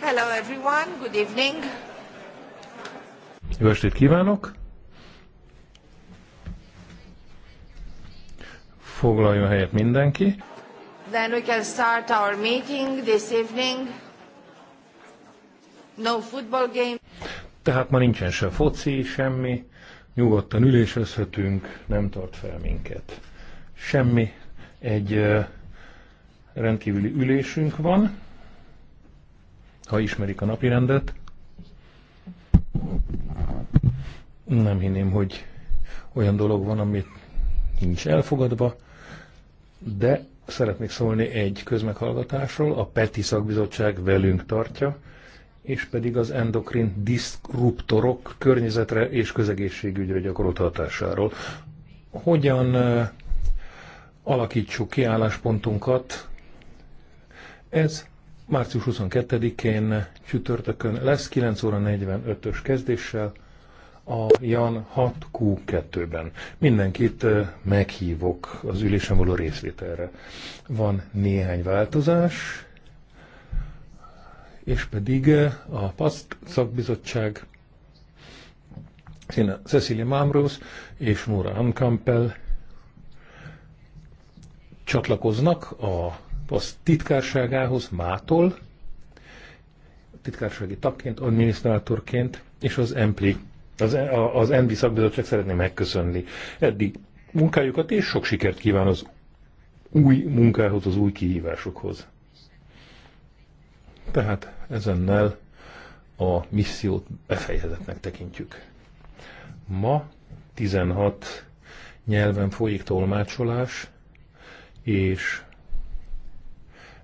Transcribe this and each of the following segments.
Hello everyone, good evening. Jó estét kívánok! Foglaljon helyet mindenki. Then we can start our meeting this evening. No football game. Tehát ma nincsen se foci, semmi. Nyugodtan ülésözhetünk, nem tart fel minket. Semmi. Egy uh, rendkívüli ülésünk van, ha ismerik a napirendet. Nem hinném, hogy olyan dolog van, amit nincs elfogadva, de szeretnék szólni egy közmeghallgatásról, a PETI szakbizottság velünk tartja, és pedig az endokrin diszruptorok környezetre és közegészségügyre gyakorolt hatásáról. Hogyan alakítsuk ki ez március 22-én csütörtökön lesz 9 óra 45-ös kezdéssel a Jan 6Q2-ben. Mindenkit meghívok az ülésen való részvételre. Van néhány változás, és pedig a PASZT szakbizottság Cecilia Mámrósz és Nóra Ankampel csatlakoznak a PASZ titkárságához mától, titkársági tagként, adminisztrátorként, és az MP, az, az NB szakbizottság szeretné megköszönni eddig munkájukat, és sok sikert kíván az új munkához, az új kihívásokhoz. Tehát ezennel a missziót befejezetnek tekintjük. Ma 16 nyelven folyik tolmácsolás, és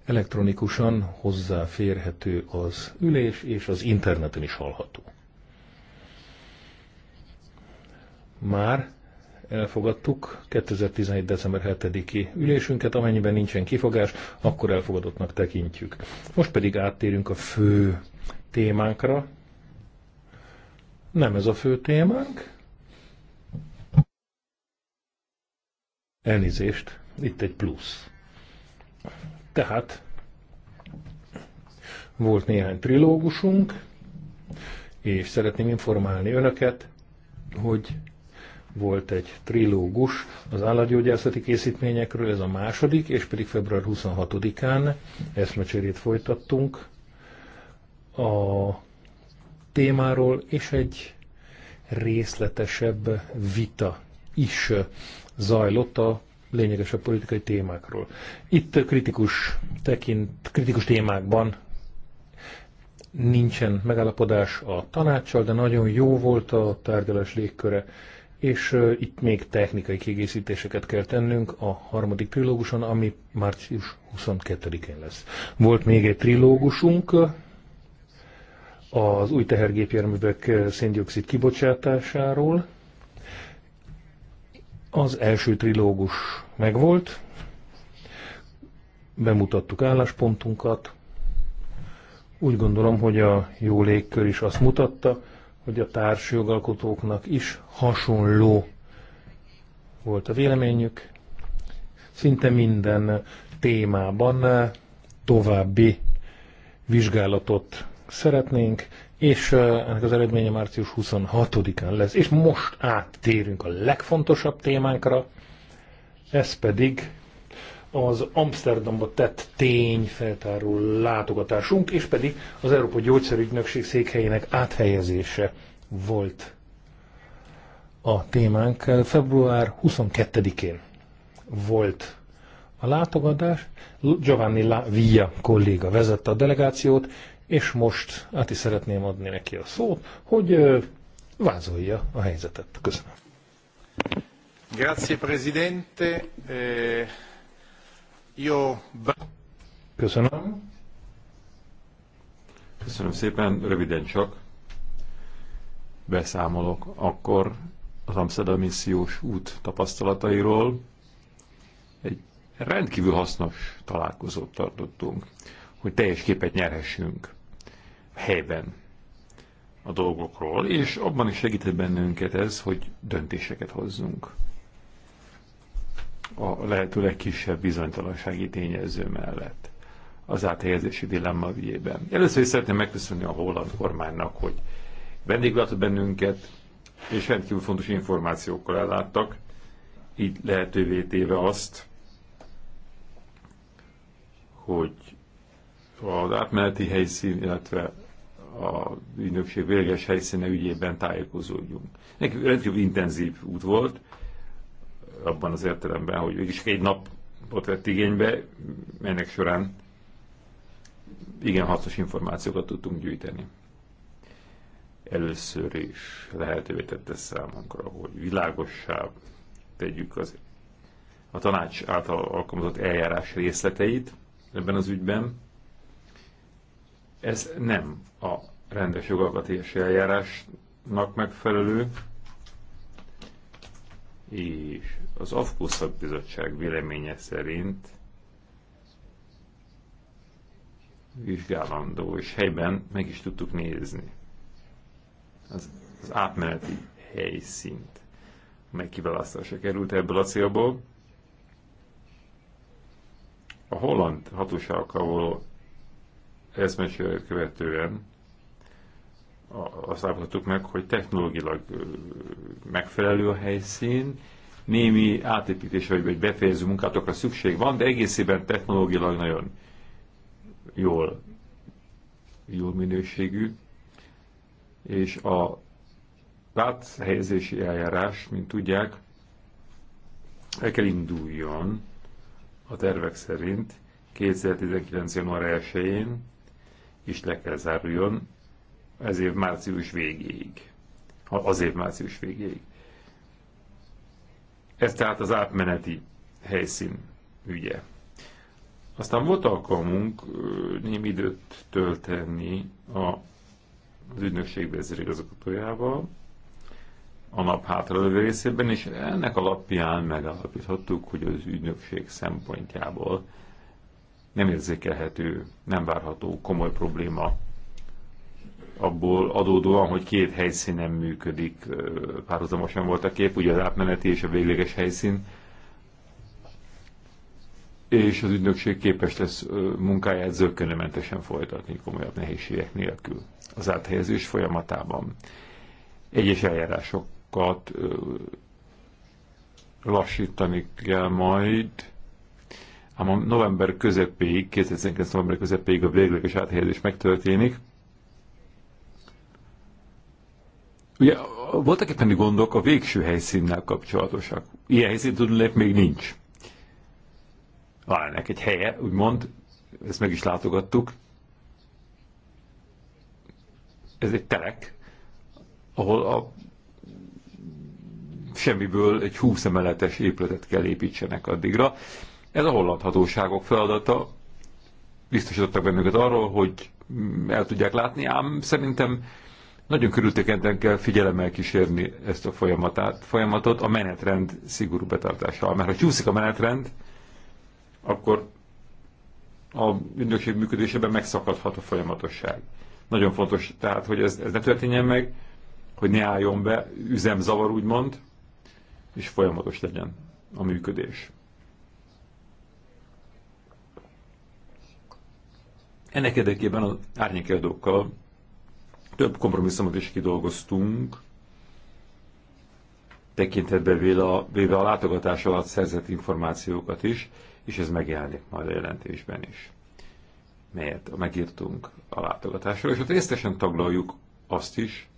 elektronikusan hozzáférhető az ülés, és az interneten is hallható. Már elfogadtuk 2017. december 7-i ülésünket, amennyiben nincsen kifogás, akkor elfogadottnak tekintjük. Most pedig áttérünk a fő témánkra. Nem ez a fő témánk. Elnézést, itt egy plusz. Tehát volt néhány trilógusunk, és szeretném informálni önöket, hogy volt egy trilógus az állatgyógyászati készítményekről, ez a második, és pedig február 26-án eszmecserét folytattunk a témáról, és egy részletesebb vita is zajlott a lényegesebb politikai témákról. Itt kritikus, tekint, kritikus témákban nincsen megállapodás a tanácssal, de nagyon jó volt a tárgyalás légköre, és itt még technikai kiegészítéseket kell tennünk a harmadik trilóguson, ami március 22-én lesz. Volt még egy trilógusunk, az új tehergépjárművek széndiokszid kibocsátásáról, az első trilógus megvolt, bemutattuk álláspontunkat, úgy gondolom, hogy a jó légkör is azt mutatta, hogy a társjogalkotóknak is hasonló volt a véleményük. Szinte minden témában további vizsgálatot szeretnénk, és ennek az eredménye március 26-án lesz. És most áttérünk a legfontosabb témánkra, ez pedig az Amsterdamba tett tényfeltáró látogatásunk, és pedig az Európa Gyógyszerügynökség székhelyének áthelyezése volt a témánk. Február 22-én volt a látogatás. Giovanni La Villa kolléga vezette a delegációt, és most át is szeretném adni neki a szót, hogy vázolja a helyzetet. Köszönöm. Grazie, Presidente. Eh, Köszönöm. Köszönöm szépen, röviden csak beszámolok akkor az Amsterdam missziós út tapasztalatairól. Egy rendkívül hasznos találkozót tartottunk, hogy teljes képet nyerhessünk helyben a dolgokról, és abban is segített bennünket ez, hogy döntéseket hozzunk. A lehető legkisebb bizonytalansági tényező mellett az áthelyezési dilemma ügyében. Először is szeretném megköszönni a holland kormánynak, hogy vendéglátott bennünket, és rendkívül fontos információkkal elláttak, így lehetővé téve azt, hogy az átmeneti helyszín, illetve a ügynökség véleges helyszíne ügyében tájékozódjunk. Nekünk rendkívül intenzív út volt, abban az értelemben, hogy mégis egy nap, ott vett igénybe, ennek során igen hasznos információkat tudtunk gyűjteni. Először is lehetővé tette számunkra, hogy világossá tegyük az, a tanács által alkalmazott eljárás részleteit ebben az ügyben, ez nem a rendes jogalkotási eljárásnak megfelelő, és az AFKO szakbizottság véleménye szerint vizsgálandó, és helyben meg is tudtuk nézni az, az átmeneti helyszínt, amely kiválasztásra került ebből a célból. A holland hatóságokkal való eszmesület követően azt állapítottuk meg, hogy technológilag megfelelő a helyszín, némi átépítés vagy befejező munkátokra szükség van, de egészében technológilag nagyon jól, jól minőségű, és a láthelyezési eljárás, mint tudják, el kell induljon a tervek szerint 2019. január 1-én, is le kell záruljon ez év március végéig. Az év március végéig. Ez tehát az átmeneti helyszín ügye. Aztán volt alkalmunk némi időt tölteni a, az ügynökség vezérigazgatójával, a nap hátralévő részében, és ennek alapján megállapíthattuk, hogy az ügynökség szempontjából nem érzékelhető, nem várható komoly probléma abból adódóan, hogy két helyszínen működik, párhuzamosan volt a kép, ugye az átmeneti és a végleges helyszín, és az ügynökség képes lesz munkáját zöggenőmentesen folytatni komolyabb nehézségek nélkül az áthelyezés folyamatában. Egyes eljárásokat lassítani kell majd, ám a november közepéig, 2019. november közepéig a végleges áthelyezés megtörténik. Ugye voltak éppen gondok a végső helyszínnel kapcsolatosak. Ilyen helyszín tudnék még nincs. Van ennek egy helye, úgymond, ezt meg is látogattuk. Ez egy telek, ahol a semmiből egy húsz emeletes épületet kell építsenek addigra. Ez a holland hatóságok feladata. Biztosítottak bennünket arról, hogy el tudják látni, ám szerintem nagyon körültekenten kell figyelemmel kísérni ezt a folyamatát, folyamatot a menetrend szigorú betartással. Mert ha csúszik a menetrend, akkor a ügynökség működésében megszakadhat a folyamatosság. Nagyon fontos tehát, hogy ez, ez ne történjen meg, hogy ne álljon be üzemzavar, úgymond, és folyamatos legyen a működés. Ennek érdekében az árnyékiadókkal több kompromisszumot is kidolgoztunk, tekintetbe véve a, véve a látogatás alatt szerzett információkat is, és ez megjelenik majd a jelentésben is, melyet megírtunk a látogatásról, és ott résztesen taglaljuk azt is,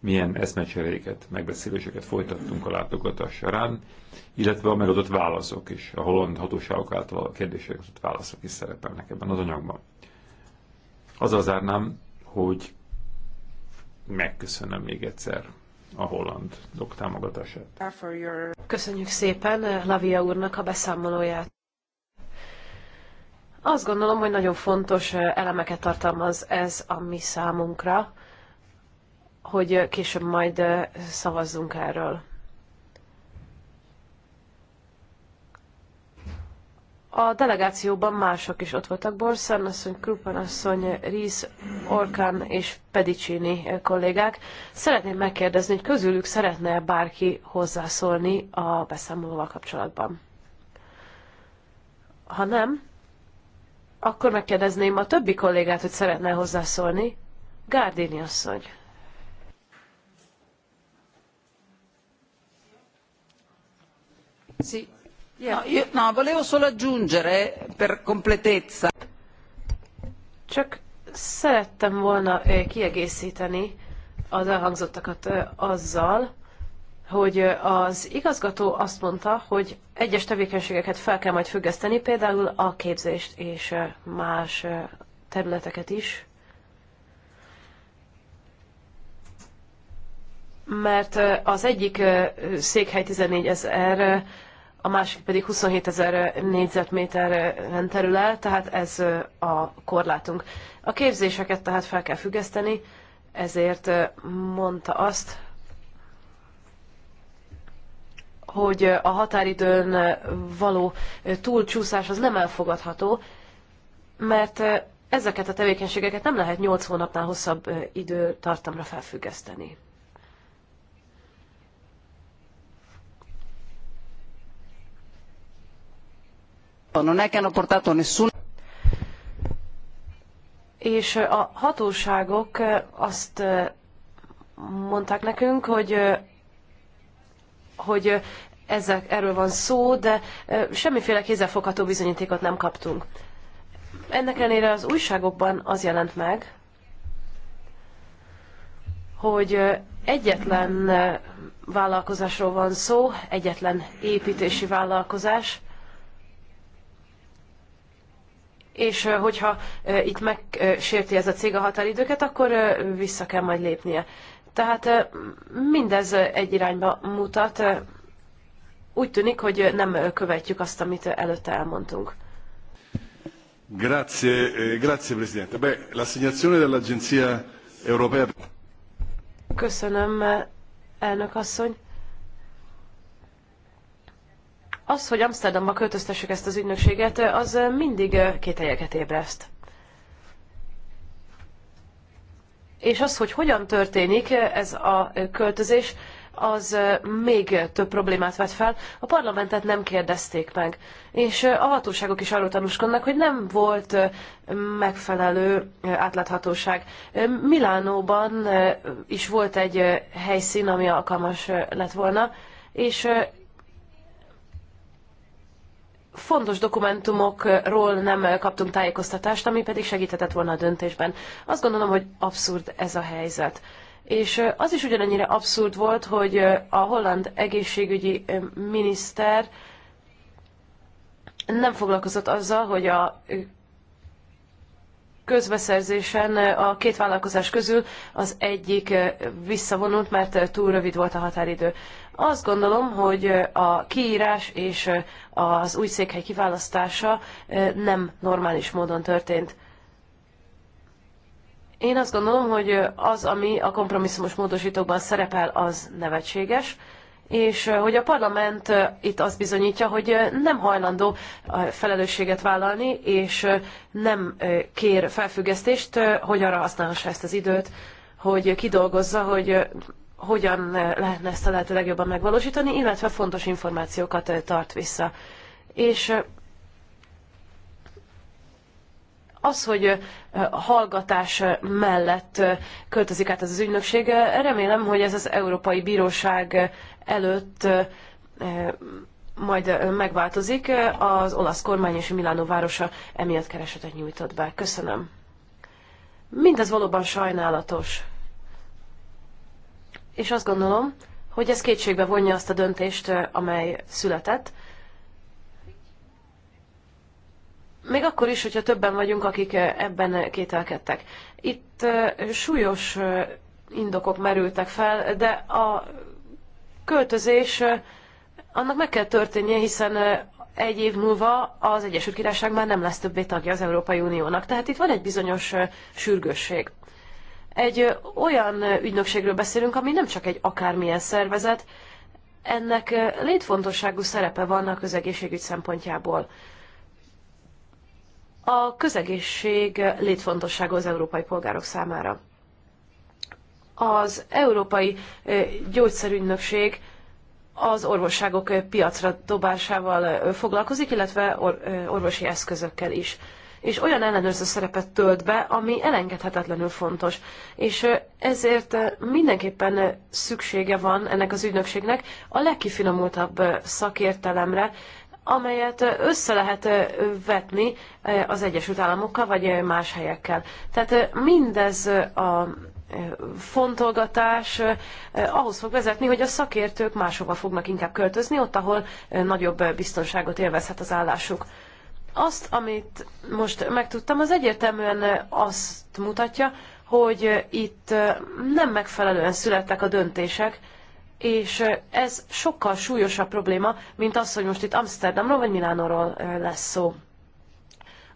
milyen eszmecseréket, megbeszéléseket folytattunk a látogatás során, illetve a megadott válaszok is, a holland hatóságok által a kérdések adott válaszok is szerepelnek ebben az anyagban. Azzal zárnám, hogy megköszönöm még egyszer a holland dok támogatását. Köszönjük szépen Lavia úrnak a beszámolóját. Azt gondolom, hogy nagyon fontos eh, elemeket tartalmaz ez a mi számunkra hogy később majd szavazzunk erről. A delegációban mások is ott voltak, Borszan asszony, Krupan asszony, Ries, Orkán és Pedicini kollégák. Szeretném megkérdezni, hogy közülük szeretne -e bárki hozzászólni a beszámolóval kapcsolatban. Ha nem, akkor megkérdezném a többi kollégát, hogy szeretne hozzászólni. Gárdini asszony. volevo solo aggiungere per completezza. Csak szerettem volna eh, kiegészíteni az elhangzottakat eh, azzal, hogy eh, az igazgató azt mondta, hogy egyes tevékenységeket fel kell majd függeszteni, például a képzést és más területeket is. Mert az egyik székhely 14 ezer a másik pedig 27 ezer négyzetméteren terül el, tehát ez a korlátunk. A képzéseket tehát fel kell függeszteni, ezért mondta azt, hogy a határidőn való túlcsúszás az nem elfogadható, mert ezeket a tevékenységeket nem lehet 8 hónapnál hosszabb időtartamra felfüggeszteni. non è che hanno portato nessuno és a hatóságok azt mondták nekünk, hogy, hogy ezek, erről van szó, de semmiféle kézzelfogható bizonyítékot nem kaptunk. Ennek ellenére az újságokban az jelent meg, hogy egyetlen vállalkozásról van szó, egyetlen építési vállalkozás, és hogyha itt megsérti ez a cég a határidőket, akkor vissza kell majd lépnie. Tehát mindez egy irányba mutat. Úgy tűnik, hogy nem követjük azt, amit előtte elmondtunk. Grazie, grazie Presidente. Beh, l'assegnazione dell'Agenzia Europea... Köszönöm, elnök asszony. Az, hogy Amsterdamba költöztessük ezt az ügynökséget, az mindig kételyeket ébreszt. És az, hogy hogyan történik ez a költözés, az még több problémát vet fel. A parlamentet nem kérdezték meg. És a hatóságok is arról tanúskodnak, hogy nem volt megfelelő átláthatóság. Milánóban is volt egy helyszín, ami alkalmas lett volna, és fontos dokumentumokról nem kaptunk tájékoztatást, ami pedig segíthetett volna a döntésben. Azt gondolom, hogy abszurd ez a helyzet. És az is ugyanennyire abszurd volt, hogy a holland egészségügyi miniszter nem foglalkozott azzal, hogy a közbeszerzésen a két vállalkozás közül az egyik visszavonult, mert túl rövid volt a határidő. Azt gondolom, hogy a kiírás és az új székhely kiválasztása nem normális módon történt. Én azt gondolom, hogy az, ami a kompromisszumos módosítókban szerepel, az nevetséges, és hogy a parlament itt azt bizonyítja, hogy nem hajlandó felelősséget vállalni, és nem kér felfüggesztést, hogy arra használhassa ezt az időt, hogy kidolgozza, hogy hogyan lehetne ezt a lehető legjobban megvalósítani, illetve fontos információkat eh, tart vissza. És eh, az, hogy eh, hallgatás mellett költözik át ez az ügynökség, remélem, hogy ez az Európai Bíróság előtt majd megváltozik. Az olasz kormány és Milánó városa emiatt keresetet nyújtott be. Köszönöm. Mindez valóban sajnálatos és azt gondolom, hogy ez kétségbe vonja azt a döntést, amely született. Még akkor is, hogyha többen vagyunk, akik ebben kételkedtek. Itt súlyos indokok merültek fel, de a költözés annak meg kell történnie, hiszen egy év múlva az Egyesült Királyság már nem lesz többé tagja az Európai Uniónak. Tehát itt van egy bizonyos sürgősség egy olyan ügynökségről beszélünk, ami nem csak egy akármilyen szervezet, ennek létfontosságú szerepe van a közegészségügy szempontjából. A közegészség létfontosságú az európai polgárok számára. Az Európai Gyógyszerügynökség az orvosságok piacra dobásával foglalkozik, illetve orvosi eszközökkel is és olyan ellenőrző szerepet tölt be, ami elengedhetetlenül fontos. És ezért mindenképpen szüksége van ennek az ügynökségnek a legkifinomultabb szakértelemre, amelyet össze lehet vetni az Egyesült Államokkal vagy más helyekkel. Tehát mindez a fontolgatás ahhoz fog vezetni, hogy a szakértők máshova fognak inkább költözni, ott, ahol nagyobb biztonságot élvezhet az állásuk. Azt, amit most megtudtam, az egyértelműen azt mutatja, hogy itt nem megfelelően születtek a döntések, és ez sokkal súlyosabb probléma, mint az, hogy most itt Amsterdamról vagy Milánóról lesz szó.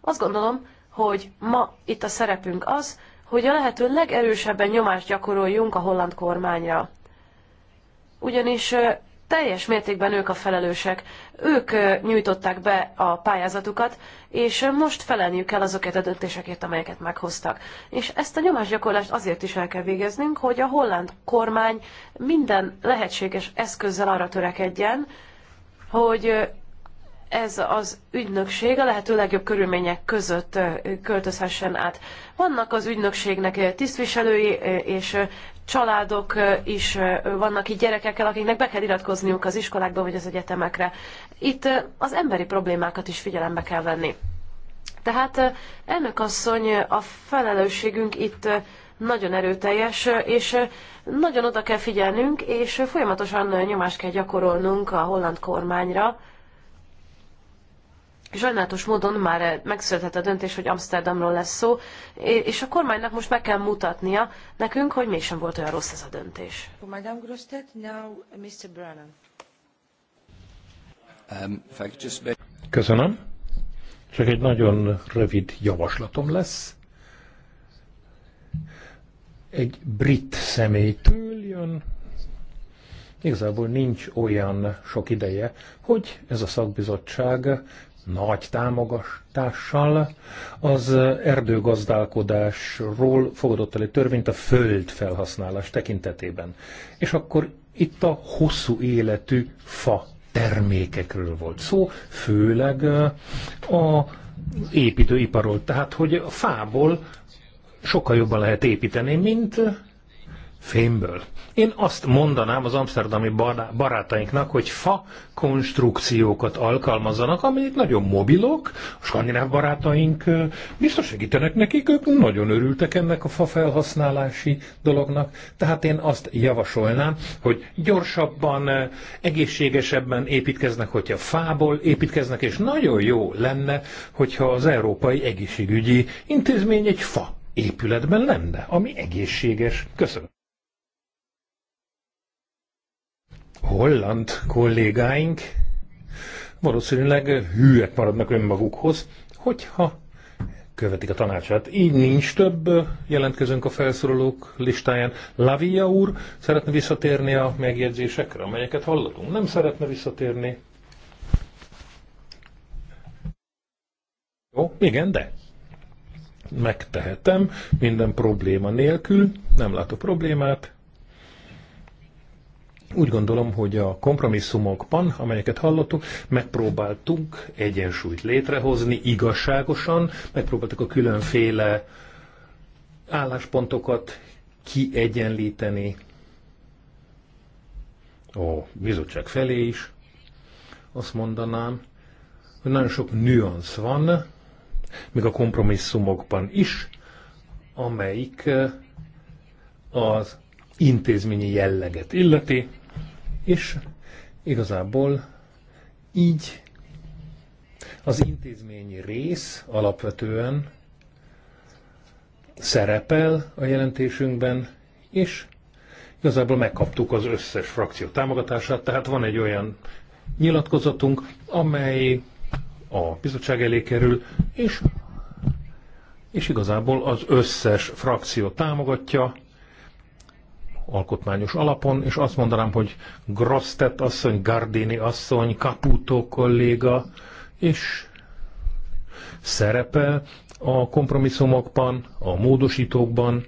Azt gondolom, hogy ma itt a szerepünk az, hogy a lehető legerősebben nyomást gyakoroljunk a holland kormányra. Ugyanis teljes mértékben ők a felelősek. Ők nyújtották be a pályázatukat, és most felelniük kell azokért a döntésekért, amelyeket meghoztak. És ezt a nyomásgyakorlást azért is el kell végeznünk, hogy a holland kormány minden lehetséges eszközzel arra törekedjen, hogy ez az ügynökség a lehető legjobb körülmények között költözhessen át. Vannak az ügynökségnek tisztviselői és családok is vannak itt gyerekekkel, akiknek be kell iratkozniuk az iskolákba vagy az egyetemekre. Itt az emberi problémákat is figyelembe kell venni. Tehát elnök asszony, a felelősségünk itt nagyon erőteljes, és nagyon oda kell figyelnünk, és folyamatosan nyomást kell gyakorolnunk a holland kormányra, Sajnálatos módon már megszületett a döntés, hogy Amsterdamról lesz szó, és a kormánynak most meg kell mutatnia nekünk, hogy mégsem volt olyan rossz ez a döntés. Madame now Mr. Brennan. Um, Köszönöm. Csak egy nagyon rövid javaslatom lesz. Egy brit személytől jön. Igazából nincs olyan sok ideje, hogy ez a szakbizottság nagy támogatással az erdőgazdálkodásról fogadott el egy törvényt a föld felhasználás tekintetében. És akkor itt a hosszú életű fa termékekről volt szó, főleg a építőiparról. Tehát, hogy a fából sokkal jobban lehet építeni, mint fémből. Én azt mondanám az amsterdami barátainknak, hogy fa konstrukciókat alkalmazzanak, amelyek nagyon mobilok, a skandináv barátaink biztos segítenek nekik, ők nagyon örültek ennek a fa felhasználási dolognak, tehát én azt javasolnám, hogy gyorsabban, egészségesebben építkeznek, hogyha fából építkeznek, és nagyon jó lenne, hogyha az Európai Egészségügyi Intézmény egy fa épületben lenne, ami egészséges. Köszönöm. holland kollégáink valószínűleg hűek maradnak önmagukhoz, hogyha követik a tanácsát. Így nincs több jelentkezőnk a felszorolók listáján. Lavia úr szeretne visszatérni a megjegyzésekre, amelyeket hallottunk. Nem szeretne visszatérni. Jó, igen, de megtehetem minden probléma nélkül, nem látok problémát. Úgy gondolom, hogy a kompromisszumokban, amelyeket hallottuk, megpróbáltunk egyensúlyt létrehozni igazságosan, megpróbáltuk a különféle álláspontokat kiegyenlíteni a bizottság felé is. Azt mondanám, hogy nagyon sok nüansz van, még a kompromisszumokban is, amelyik eh, az intézményi jelleget illeti, és igazából így az intézményi rész alapvetően szerepel a jelentésünkben, és igazából megkaptuk az összes frakció támogatását, tehát van egy olyan nyilatkozatunk, amely a bizottság elé kerül, és, és igazából az összes frakció támogatja, alkotmányos alapon, és azt mondanám, hogy Grosztet asszony, Gardini asszony, Caputo kolléga, és szerepe a kompromisszumokban, a módosítókban,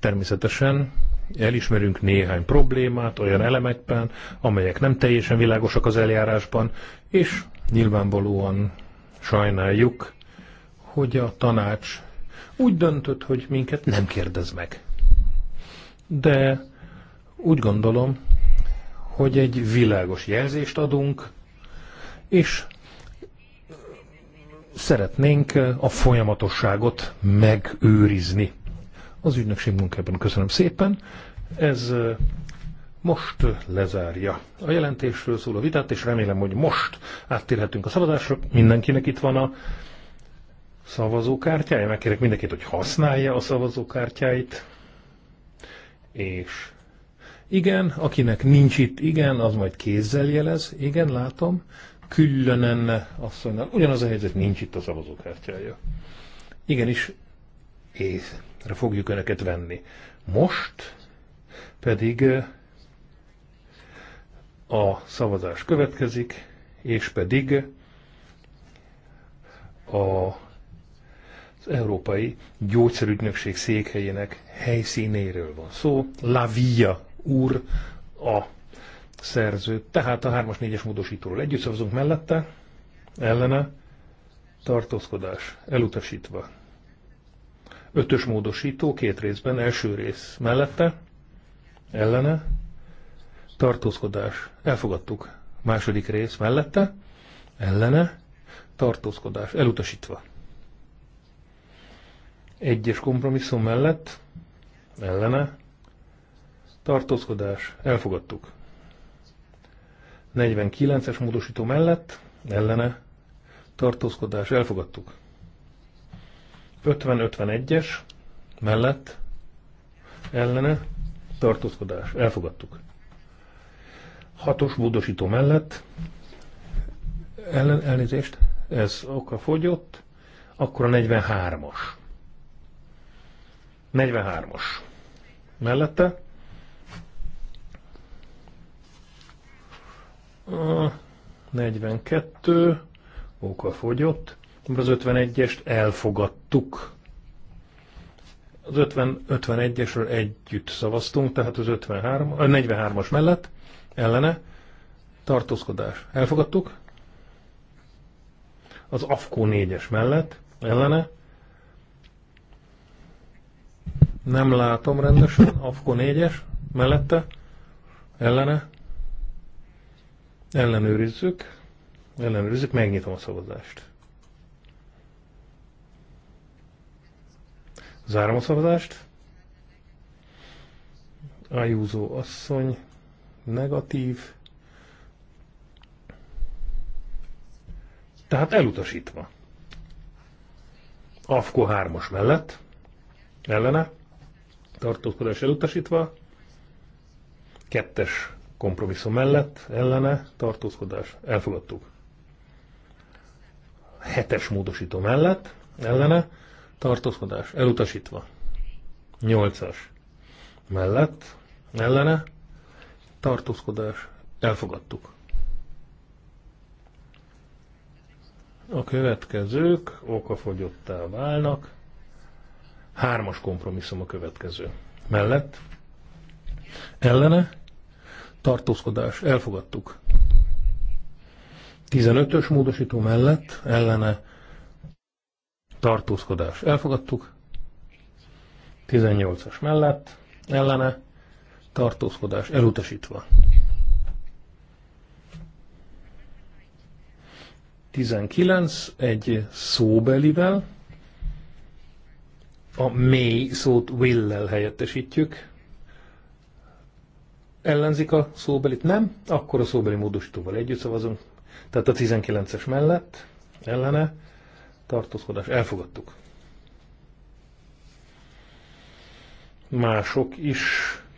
természetesen elismerünk néhány problémát olyan elemekben, amelyek nem teljesen világosak az eljárásban, és nyilvánvalóan sajnáljuk, hogy a tanács úgy döntött, hogy minket nem kérdez meg. De úgy gondolom, hogy egy világos jelzést adunk, és szeretnénk a folyamatosságot megőrizni. Az ügynökség munkában köszönöm szépen. Ez most lezárja a jelentésről szóló vitát, és remélem, hogy most áttérhetünk a szavazásra. Mindenkinek itt van a szavazókártyája. Megkérek mindenkit, hogy használja a szavazókártyáit. És igen, akinek nincs itt igen, az majd kézzel jelez. Igen, látom. Küllönen asszonynál. Ugyanaz a helyzet, nincs itt a szavazókártyája. Igenis, észre fogjuk önöket venni. Most pedig eh, a szavazás következik, és pedig a az Európai Gyógyszerügynökség székhelyének helyszínéről van szó, La Via úr a szerző. Tehát a 3-as, 4-es módosítóról együtt szavazunk mellette, ellene, tartózkodás, elutasítva. Ötös módosító két részben, első rész mellette, ellene, tartózkodás, elfogadtuk. Második rész mellette, ellene, tartózkodás, elutasítva. Egyes kompromisszum mellett, ellene, tartózkodás, elfogadtuk. 49-es módosító mellett, ellene, tartózkodás, elfogadtuk. 50-51-es mellett, ellene, tartózkodás, elfogadtuk. 6-os módosító mellett, ellen, elnézést, ez oka fogyott, akkor a 43-as. 43-as. Mellette, 42 óka fogyott, az 51-est elfogadtuk. Az 50, 51-esről együtt szavaztunk, tehát az 53, a 43-as mellett ellene tartózkodás. Elfogadtuk. Az AFKO 4-es mellett ellene nem látom rendesen, AFKO 4-es mellette ellene Ellenőrizzük. Ellenőrizzük, megnyitom a szavazást. Zárom a szavazást. Ajúzó asszony, negatív. Tehát elutasítva. AFKO 3 mellett, ellene, tartózkodás elutasítva, kettes kompromisszum mellett, ellene, tartózkodás, elfogadtuk. Hetes módosító mellett, ellene, tartózkodás, elutasítva. Nyolcas mellett, ellene, tartózkodás, elfogadtuk. A következők okafogyottá válnak. Hármas kompromisszum a következő. Mellett, ellene, tartózkodás, elfogadtuk. 15-ös módosító mellett ellene tartózkodás, elfogadtuk. 18-as mellett ellene tartózkodás, elutasítva. 19 egy szóbelivel, a mély szót will-lel helyettesítjük, ellenzik a szóbelit? Nem, akkor a szóbeli módosítóval együtt szavazunk. Tehát a 19-es mellett, ellene, tartózkodás, elfogadtuk. Mások is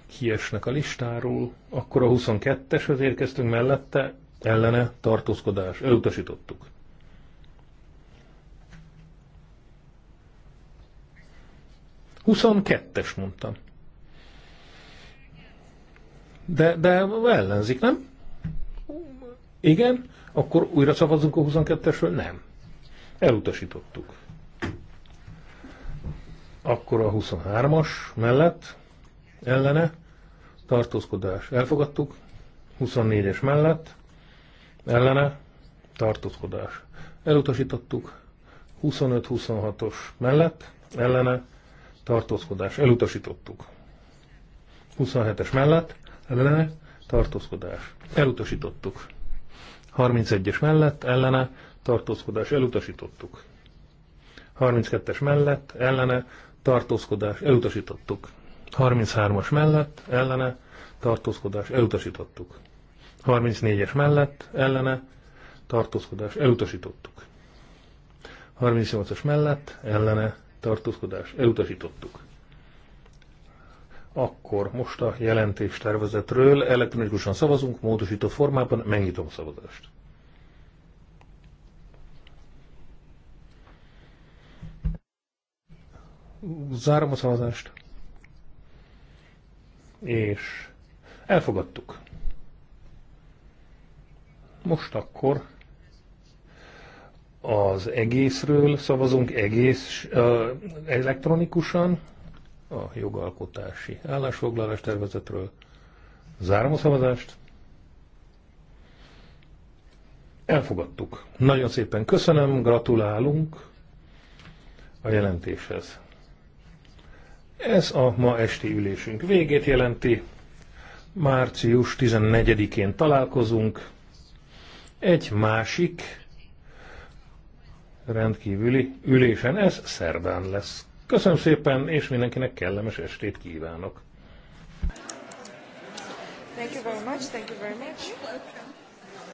kiesnek a listáról, akkor a 22-eshez érkeztünk mellette, ellene, tartózkodás, elutasítottuk. Huszonkettes mondtam. De, de ellenzik, nem? Igen? Akkor újra szavazunk a 22-esről? Nem. Elutasítottuk. Akkor a 23-as mellett, ellene, tartózkodás elfogadtuk. 24-es mellett, ellene, tartózkodás elutasítottuk. 25-26-os mellett, ellene, tartózkodás elutasítottuk. 27-es mellett, ellene, tartózkodás. Elutasítottuk. 31-es mellett, ellene, tartózkodás. Elutasítottuk. 32-es mellett, ellene, tartózkodás. Elutasítottuk. 33-as mellett, ellene, tartózkodás. Elutasítottuk. 34-es mellett, ellene, tartózkodás. Elutasítottuk. 38-as mellett, ellene, tartózkodás. Elutasítottuk. Akkor most a jelentés tervezetről elektronikusan szavazunk, módosított formában megnyitom a szavazást. Zárom a szavazást. És elfogadtuk. Most akkor az egészről szavazunk egész uh, elektronikusan a jogalkotási állásfoglalás tervezetről. Zárom a szavazást. Elfogadtuk. Nagyon szépen köszönöm, gratulálunk a jelentéshez. Ez a ma esti ülésünk végét jelenti. Március 14-én találkozunk. Egy másik rendkívüli ülésen, ez szerdán lesz. Köszönöm szépen, és mindenkinek kellemes estét kívánok. Thank you very much. Thank you very much.